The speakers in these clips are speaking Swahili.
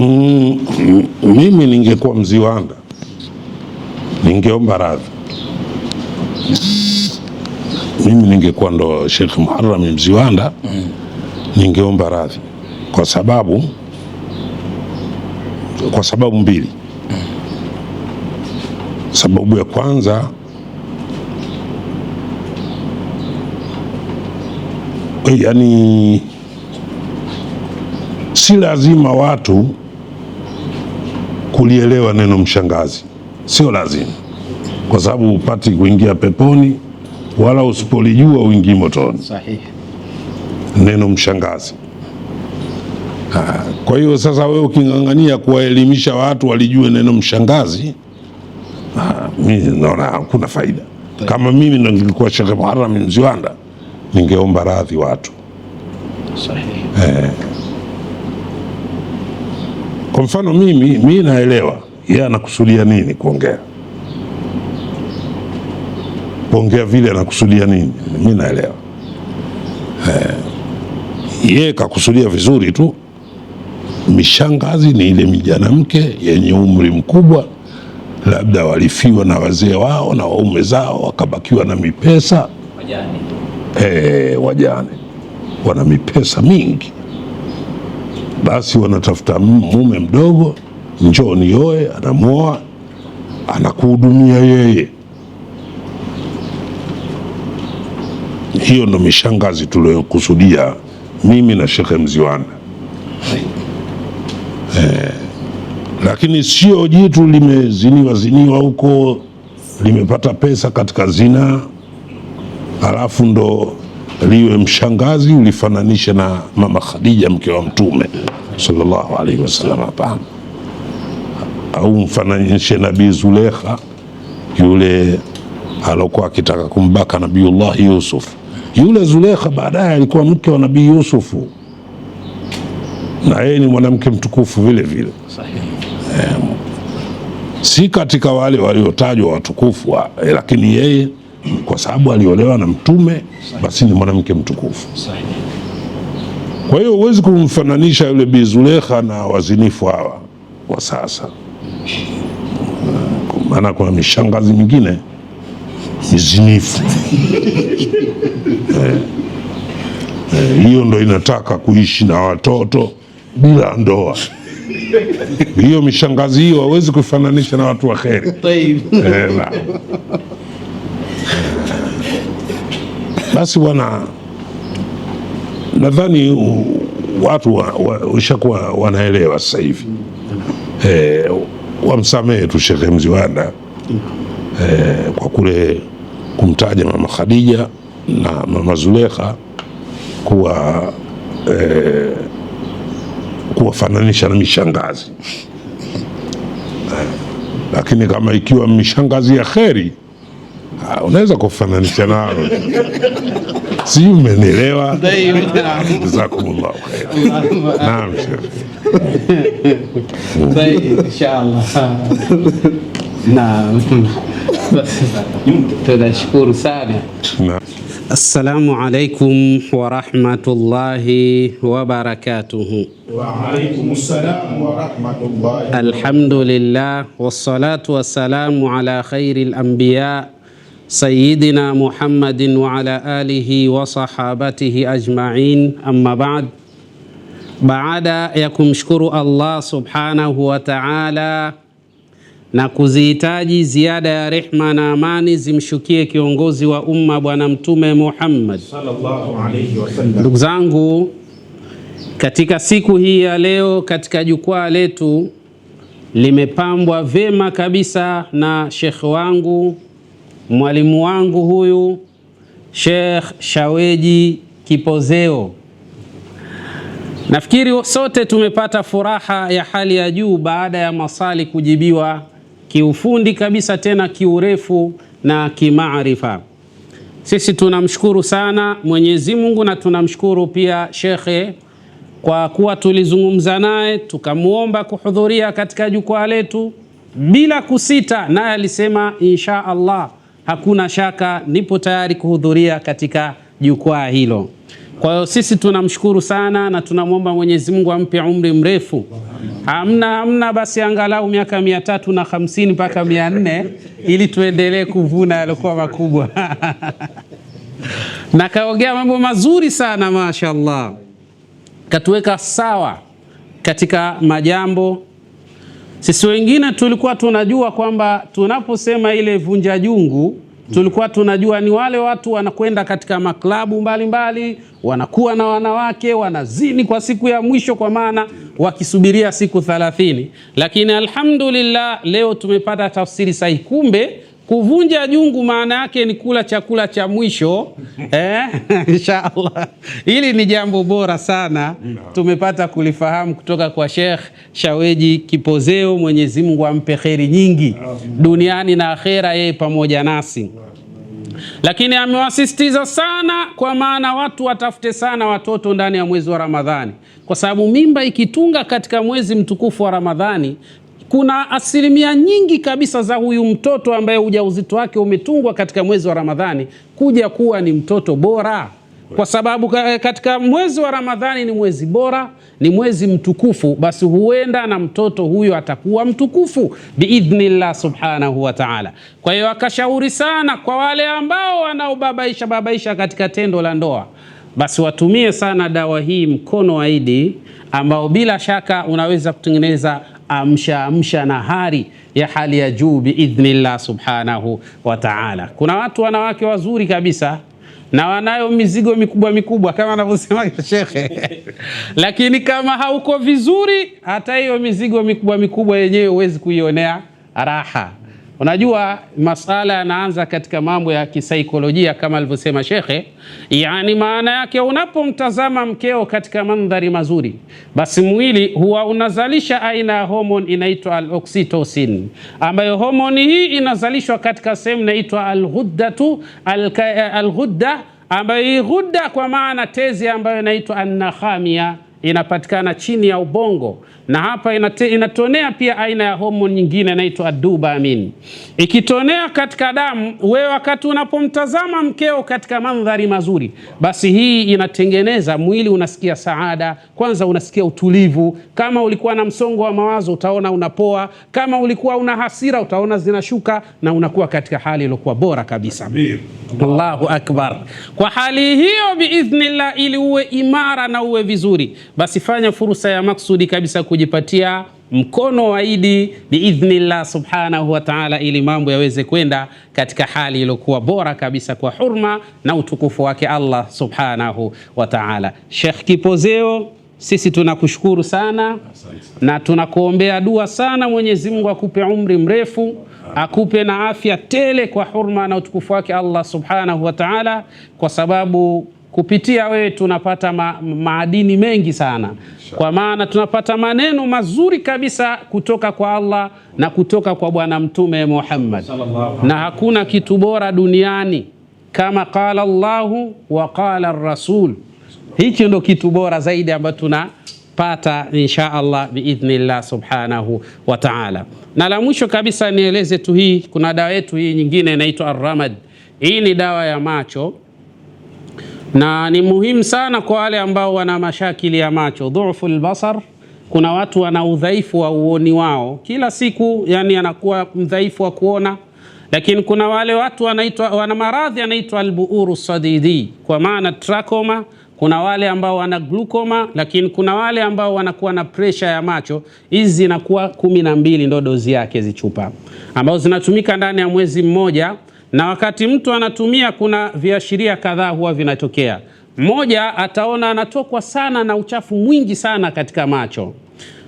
Mm, mimi ningekuwa Mziwanda ningeomba radhi. Mimi ningekuwa ndo Sheikh Muharram Mziwanda ningeomba radhi kwa sababu kwa sababu mbili. Sababu ya kwanza yani si lazima watu kulielewa neno mshangazi, sio lazima, kwa sababu upati kuingia peponi wala usipolijua uingie motoni. Sahihi. Neno mshangazi. Ha, kwa hiyo sasa wewe uking'ang'ania kuwaelimisha watu walijue neno mshangazi, mimi naona hakuna faida. Kama mimi ndo nilikuwa Sheikh Muharram Mziwanda ningeomba radhi watu. Sahihi. Eh. Kwa mfano mimi mi naelewa yeye anakusudia nini kuongea kuongea vile anakusudia nini, mi naelewa yeye kakusudia vizuri tu. Mishangazi ni ile mijanamke yenye umri mkubwa, labda walifiwa na wazee wao na waume zao, wakabakiwa na mipesa wajane. E, wajane wana mipesa mingi basi wanatafuta mume mdogo, njoni yoe, anamwoa anakuhudumia yeye. Hiyo ndo mishangazi tuliyokusudia mimi na Shekhe Mziwana eh, lakini sio jitu limeziniwa ziniwa huko limepata pesa katika zinaa alafu ndo liwe mshangazi ulifananisha na Mama Khadija mke wa Mtume sallallahu alaihi wasallam. Hapana, au mfananishe Nabii Zulekha yule alokuwa akitaka kumbaka Nabiullahi Yusuf. Yule Zulekha baadaye alikuwa mke wa Nabii Yusufu, na yeye ni mwanamke mtukufu vile vile, si katika wale waliotajwa watukufu wa, lakini yeye kwa sababu aliolewa na Mtume, basi ni mwanamke mtukufu. Sahihi. Kwa hiyo huwezi kumfananisha yule Bi Zulekha na wazinifu hawa wa sasa, maana kuna mishangazi mingine mizinifu eh, eh, hiyo ndo inataka kuishi na watoto bila ndoa hiyo mishangazi hiyo hawezi kufananisha na watu wa kheri eh, basi bwana nadhani watu washakuwa wa, wanaelewa sasa hivi e, wamsamehe tu Shekhe Mziwanda e, kwa kule kumtaja Mama Khadija na Mama Zulekha kuwa e, kuwafananisha na mishangazi e, lakini kama ikiwa mishangazi ya kheri unaweza kufananisha nalo sijui umenielewa. Jazakumullahu tunashukuru sana. Assalamu alaikum warahmatullahi wabarakatuhu. Alhamdulillah wassalatu wassalamu ala khairil anbiya sayidina Muhammadin wa ala alihi wa sahabatihi ajma'in, amma ba'd. Baada ya kumshukuru Allah subhanahu wa ta'ala na kuzihitaji ziada ya rehma na amani zimshukie kiongozi wa umma Bwana Mtume Muhammad sallallahu alayhi wasallam. Ndugu zangu, katika siku hii ya leo, katika jukwaa letu limepambwa vyema kabisa na shekhe wangu mwalimu wangu huyu Sheikh Shaweji Kipozeo. Nafikiri sote tumepata furaha ya hali ya juu baada ya maswali kujibiwa kiufundi kabisa, tena kiurefu na kimaarifa. Sisi tunamshukuru sana Mwenyezi Mungu na tunamshukuru pia shekhe kwa kuwa tulizungumza naye tukamwomba kuhudhuria katika jukwaa letu bila kusita, naye alisema insha Allah hakuna shaka nipo tayari kuhudhuria katika jukwaa hilo. Kwa hiyo sisi tunamshukuru sana na tunamwomba Mwenyezi Mungu ampe umri mrefu, hamna hamna basi angalau miaka mia tatu na hamsini mpaka mia nne ili tuendelee kuvuna yaliokuwa makubwa na kaongea mambo mazuri sana mashaallah, katuweka sawa katika majambo sisi wengine tulikuwa tunajua kwamba tunaposema ile vunja jungu tulikuwa tunajua ni wale watu wanakwenda katika maklabu mbalimbali mbali, wanakuwa na wanawake wanazini kwa siku ya mwisho, kwa maana wakisubiria siku thalathini. Lakini alhamdulillah leo tumepata tafsiri sahihi, kumbe Kuvunja jungu maana yake ni kula chakula cha mwisho eh? Inshallah, hili ni jambo bora sana no. Tumepata kulifahamu kutoka kwa Sheikh Shaweji Kipozeo, Mwenyezi Mungu ampe kheri nyingi duniani na akhera, yeye pamoja nasi. Lakini amewasisitiza sana, kwa maana watu watafute sana watoto ndani ya mwezi wa Ramadhani, kwa sababu mimba ikitunga katika mwezi mtukufu wa Ramadhani kuna asilimia nyingi kabisa za huyu mtoto ambaye ujauzito wake umetungwa katika mwezi wa Ramadhani kuja kuwa ni mtoto bora, kwa sababu katika mwezi wa Ramadhani ni mwezi bora, ni mwezi mtukufu. Basi huenda na mtoto huyo atakuwa mtukufu biidhnillah subhanahu wa taala. Kwa hiyo akashauri sana kwa wale ambao wanaobabaisha babaisha katika tendo la ndoa basi watumie sana dawa hii mkono wa Idi, ambao bila shaka unaweza kutengeneza amsha amsha na hari ya hali ya juu biidhnillah subhanahu wa ta'ala. Kuna watu wanawake wazuri kabisa na wanayo mizigo mikubwa mikubwa kama anavyosema shekhe lakini kama hauko vizuri, hata hiyo mizigo mikubwa mikubwa yenyewe huwezi kuionea raha. Unajua, masala yanaanza katika mambo ya kisaikolojia kama alivyosema shekhe, yani maana yake unapomtazama mkeo katika mandhari mazuri, basi mwili huwa unazalisha aina ya homoni inaitwa aloxitosin, ambayo homoni hii inazalishwa katika sehemu inaitwa al alghudda, ghudda ambayo hii ghudda kwa maana tezi ambayo inaitwa an inapatikana chini ya ubongo na hapa inate, inatonea pia aina ya homoni nyingine inaitwa dopamin. Ikitonea katika damu, wewe wakati unapomtazama mkeo katika mandhari mazuri, basi hii inatengeneza mwili, unasikia saada kwanza, unasikia utulivu. Kama ulikuwa na msongo wa mawazo, utaona unapoa. Kama ulikuwa una hasira, utaona zinashuka na unakuwa katika hali iliyokuwa bora kabisa. Allahu akbar! Kwa hali hiyo, biidhnillah, ili uwe imara na uwe vizuri, basi fanya fursa ya maksudi kabisa kujipatia mkono wa Idi biidhnillah subhanahu wa taala, ili mambo yaweze kwenda katika hali iliyokuwa bora kabisa kwa hurma na utukufu wake Allah subhanahu wa taala. Sheikh Kipozeo, sisi tunakushukuru sana na tunakuombea dua sana. Mwenyezi Mungu akupe umri mrefu, akupe na afya tele kwa hurma na utukufu wake Allah subhanahu wa taala, kwa sababu Kupitia wewe tunapata ma maadini mengi sana, kwa maana tunapata maneno mazuri kabisa kutoka kwa Allah na kutoka kwa Bwana Mtume Muhammad, na hakuna kitu bora duniani kama qala llahu wa qala rasul. Hichi ndo kitu bora zaidi ambacho tunapata insha Allah biidhnillah subhanahu wa ta'ala. Na la mwisho kabisa nieleze tu, hii kuna dawa yetu hii nyingine inaitwa aramad Hii ni dawa ya macho na ni muhimu sana kwa wale ambao wana mashakili ya macho, dhufu lbasar. Kuna watu wana udhaifu wa uoni wao kila siku, yani anakuwa mdhaifu wa kuona, lakini kuna wale watu wanaitwa, wana maradhi anaitwa albuuru sadidi, kwa maana trachoma. kuna wale ambao wana glukoma, lakini kuna wale ambao wanakuwa na presha ya macho. Hizi zinakuwa kumi na mbili ndo dozi yake, zichupa ambazo zinatumika ndani ya mwezi mmoja na wakati mtu anatumia, kuna viashiria kadhaa huwa vinatokea. Mmoja, ataona anatokwa sana na uchafu mwingi sana katika macho.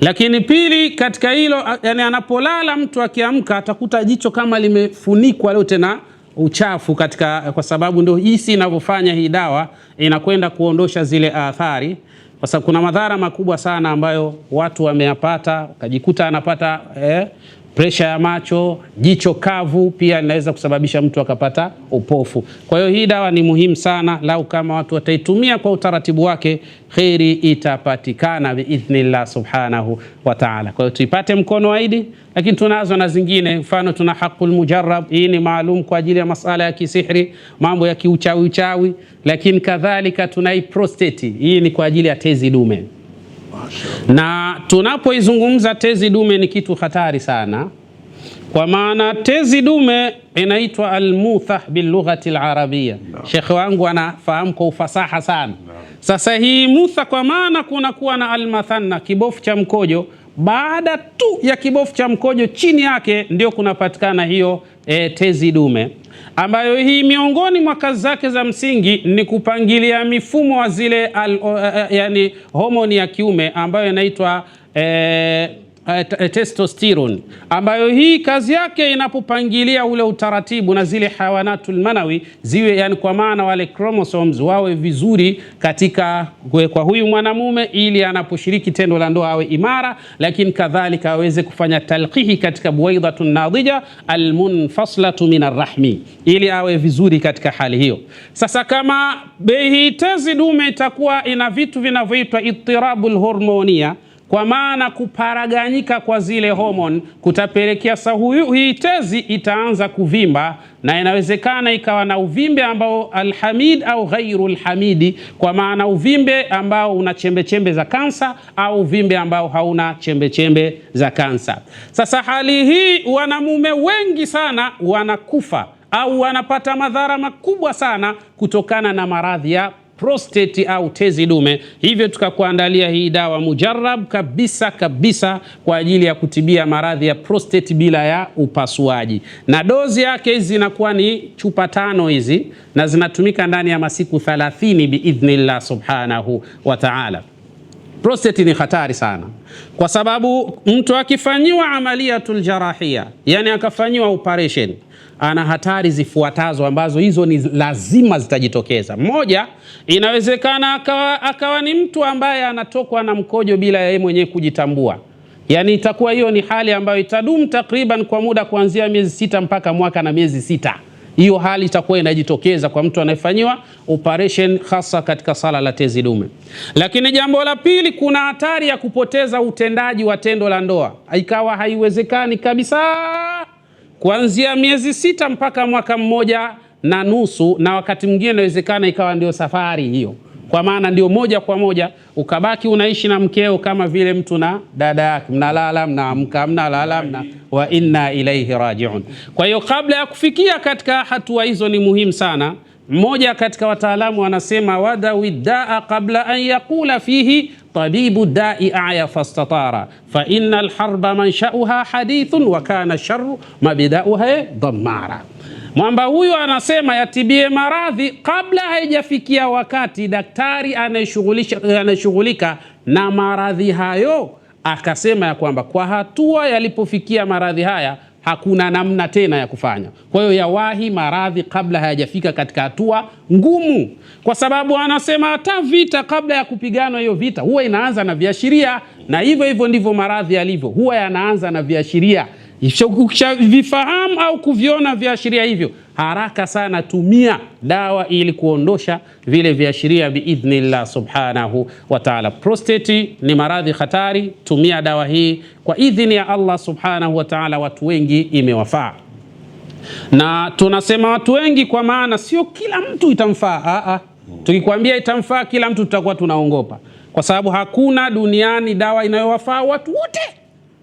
Lakini pili, katika hilo yani, anapolala mtu akiamka atakuta jicho kama limefunikwa lote na uchafu katika, kwa sababu ndio jinsi inavyofanya hii dawa, inakwenda kuondosha zile athari, kwa sababu kuna madhara makubwa sana ambayo watu wameyapata, kajikuta anapata eh, presha ya macho, jicho kavu pia inaweza kusababisha mtu akapata upofu. Kwa hiyo hii dawa ni muhimu sana, lau kama watu wataitumia kwa utaratibu wake, kheri itapatikana biidhnillah subhanahu wa ta'ala. Kwa hiyo tuipate mkono waidi, lakini tunazo na zingine, mfano tuna haqul mujarrab. Hii ni maalum kwa ajili ya masala ya kisihri, mambo ya kiuchawi uchawi, lakini kadhalika tunai prostate. Hii ni kwa ajili ya tezi dume na tunapoizungumza tezi dume ni kitu hatari sana, kwa maana tezi dume inaitwa almuthah bilughati alarabia. No. Shekhe wangu anafahamu kwa ufasaha sana. No. Sasa hii mutha, kwa maana kuna kuwa na almathanna, kibofu cha mkojo baada tu ya kibofu cha mkojo chini yake ndio kunapatikana hiyo e, tezi dume ambayo hii miongoni mwa kazi zake za msingi ni kupangilia mifumo wa zile al, uh, yani homoni ya kiume ambayo inaitwa uh, Eh, eh, testosterone ambayo hii kazi yake inapopangilia ule utaratibu na zile hawanatul manawi ziwe, yani kwa maana wale chromosomes wawe vizuri katika kwa huyu mwanamume, ili anaposhiriki tendo la ndoa awe imara, lakini kadhalika aweze kufanya talqihi katika buwaidatun nadija almunfaslatu min arrahmi, ili awe vizuri katika hali hiyo. Sasa kama bei tezi dume itakuwa ina vitu vinavyoitwa ittirabul hormonia kwa maana kuparaganyika kwa zile homoni kutapelekea sahu hii tezi itaanza kuvimba, na inawezekana ikawa na uvimbe ambao alhamid au ghairu lhamidi, kwa maana uvimbe ambao una chembechembe za kansa au uvimbe ambao hauna chembechembe za kansa. Sasa hali hii wanamume wengi sana wanakufa au wanapata madhara makubwa sana kutokana na maradhi ya prostate au tezi dume. Hivyo tukakuandalia hii dawa mujarab kabisa kabisa kwa ajili ya kutibia maradhi ya prostate bila ya upasuaji, na dozi yake hizi zinakuwa ni chupa tano hizi na zinatumika ndani ya masiku 30 biidhnillah subhanahu wa ta'ala. Prostate ni hatari sana kwa sababu mtu akifanyiwa amaliatul jarahia, yani akafanyiwa operation ana hatari zifuatazo ambazo hizo ni lazima zitajitokeza. Moja, inawezekana akawa, akawa ni mtu ambaye anatokwa na mkojo bila yeye mwenyewe kujitambua, yaani itakuwa hiyo ni hali ambayo itadumu takriban kwa muda kuanzia miezi sita mpaka mwaka na miezi sita. Hiyo hali itakuwa inajitokeza kwa mtu anayefanyiwa operation hasa katika sala la tezi dume. Lakini jambo la pili, kuna hatari ya kupoteza utendaji wa tendo la ndoa, ikawa haiwezekani kabisa kuanzia miezi sita mpaka mwaka mmoja na nusu, na wakati mwingine inawezekana ikawa ndio safari hiyo, kwa maana ndio moja kwa moja ukabaki unaishi na mkeo kama vile mtu na dada yake, mnalala mnaamka, mnalala mna wa inna ilaihi rajiun. Kwa hiyo kabla ya kufikia katika hatua hizo ni muhimu sana. Mmoja katika wataalamu anasema wadawi daa qabla an yaqula fihi tabibu dai aya fastatara fa inna alharba manshauha hadithun wa kana sharru mabidauha dhammara. Mwamba huyu anasema yatibie maradhi kabla haijafikia wakati daktari anayeshughulika na maradhi hayo akasema ya kwamba kwa hatua yalipofikia maradhi haya hakuna namna tena ya kufanya. Kwa hiyo yawahi maradhi kabla hayajafika katika hatua ngumu, kwa sababu anasema hata vita kabla ya kupiganwa, hiyo vita huwa inaanza na viashiria, na hivyo hivyo ndivyo maradhi yalivyo, huwa yanaanza na viashiria. Ukishavifahamu au kuviona viashiria hivyo haraka sana, tumia dawa ili kuondosha vile viashiria biidhnillah subhanahu wa ta'ala. Prostate ni maradhi hatari, tumia dawa hii kwa idhini ya Allah subhanahu wa ta'ala. Watu wengi imewafaa na tunasema watu wengi kwa maana sio kila mtu itamfaa. a, tukikwambia itamfaa kila mtu tutakuwa tunaongopa, kwa sababu hakuna duniani dawa inayowafaa watu wote,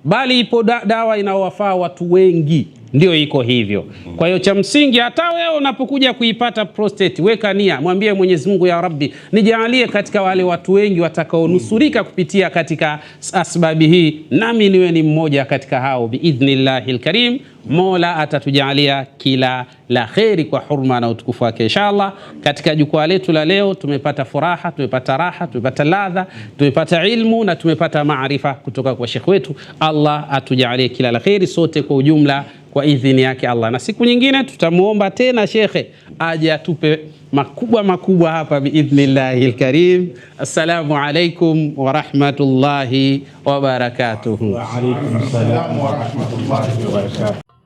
bali ipo dawa inayowafaa watu wengi ndio iko hivyo. Kwa hiyo cha msingi, hata wewe unapokuja kuipata prostate, weka nia, mwambie Mwenyezi Mungu, ya Rabbi, nijaalie katika wale watu wengi watakaonusurika kupitia katika asbabi hii, nami niwe ni mmoja katika hao, biidhnillahi lkarim. Mola atatujaalia kila la kheri kwa hurma na utukufu wake inshallah. Katika jukwaa letu la leo tumepata furaha, tumepata raha, tumepata ladha, tumepata ilmu na tumepata maarifa kutoka kwa Sheikh wetu. Allah atujaalie kila la kheri sote kwa ujumla kwa idhini yake Allah, na siku nyingine tutamuomba tena shekhe aje atupe makubwa makubwa hapa biidhnillahi lkarim. Assalamu alaikum warahmatullahi wabarakatuhu. Wa alaikum salaam warahmatullahi wabarakatuh.